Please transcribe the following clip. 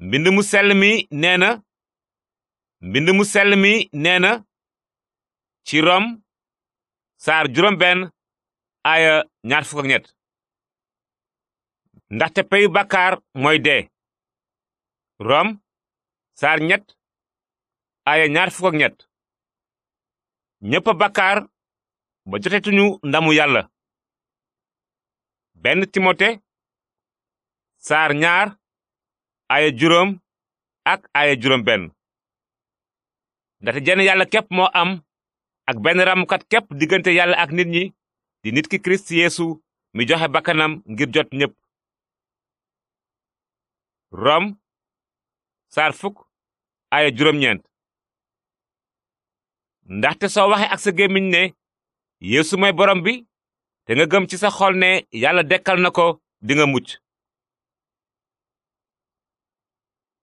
mbind mu sell mi nee na mbind mu sell mi nee na ci rom saar juróom benn aaya ñaar fukk ak ñett ndaxte peyu bàkkaar mooy dee rom saar ñett aaya ñaar fukk ak ñett ñépp a bàkkaar ba jotetuñu ndamu yàlla benn timote saar ñaar aaya juróom ak aaya juróom ndaxte jenn yàlla képp moo am ak benn ràmmkat képp diggante yàlla ak nit ñi di nit ki kirist yeesu mi joxe bakkanam ngir jot ñépp rom saar fukk aaya juróom-ñeent ndaxte soo waxe ak sa gémmiñ ne yeesu mooy borom bi te nga gëm ci sa xol ne yàlla dekkal na ko dinga mucc